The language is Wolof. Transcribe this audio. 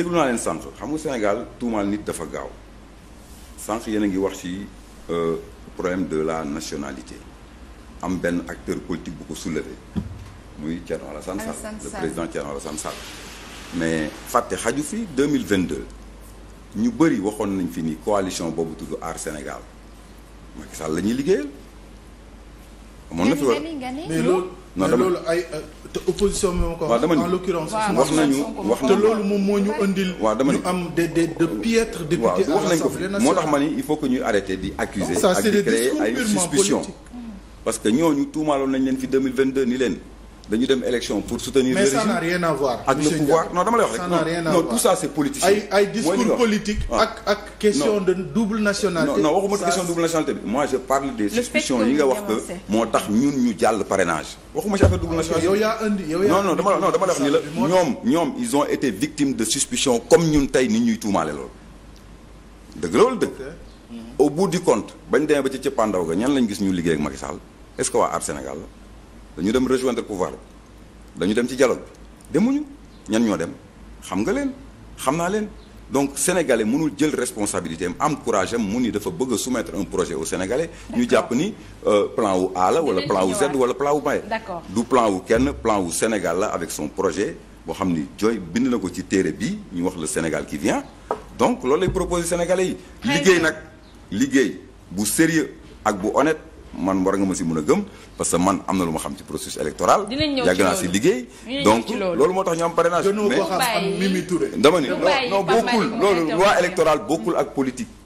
déglu naa leen sànq xam nga Sénégal tuumaal nit dafa gaaw sànq yéen a ngi wax ci euh, problème de la nationalité am benn acteur politique bu ko soulever muy Thierno Alassane Sall le président Thierno Alassane Sall mais fàtte xaju fi 2022 ñu bëri waxoon nañ fi ni coalition boobu tudd aar Sénégal Macky Sall la liggéeyal amoon na fi war non dama loolu ay euh, te opposition wax. en l'occurrence wax nañu wax nañu te loolu moom moo ñu andil. waaw dama ñu am de de de piètre moo tax ma ni il faut que ñuy arrêter di accuser ak di créer ay suspicion parce que ñooñu tuumaaloon nañ leen fi 2022 ni leen. dañu dem élection pour soutenir mais le régime. mais ça n'a rien à voir. ak le pouvoir non dama lay wax rek. n'a rien tout ça c'est politicien. ay discours politique. Ah. ak ak question de double nationalité. bi. moi je parle des discussions yi nga wax que moo tax ñun ñu jàll parrainage. waxuma ci affaire double ah, nationalité. yow yaa indi yow yaa dama non dama lay wax ni la ñoom ñoom ils ont été victimes de suspicion comme ñun tey ni ñuy tuumaale loolu. dëgg la wala dëgg. au bout du compte bañ demee ba ci cëppaandaw ga ñan lañ gis ñu liggéey ak Sall est-ce que Sénégal dañu dem rejoindre pouvoir bi dañu dem ci dialogue bi demuñu ñan ñoo dem xam nga leen xam naa leen donc sénégalais mënul jël responsabilité am am courage am mu ni dafa bëgg a soumettre un projet au sénégalais ñu jàpp ni euh, plan wu ala la wala plan wu Z wala plan wu B du plan wu kenn plan wu Sénégal la avec son projet boo xam ni jooy bind na ko ci téere bi ñu wax la Sénégal qui vient donc loolu lay proposé sénégalais yi liggéey nag liggéey bu sérieux ak bu honnête man war nga ma si mën a gëm parce que man am na lu ma xam ci processus électoral. yàgg naa si liggéey. donc loolu moo tax ñu am parrainage. mais dama ni non bokkul loolu loi électorale bokkul ak politique.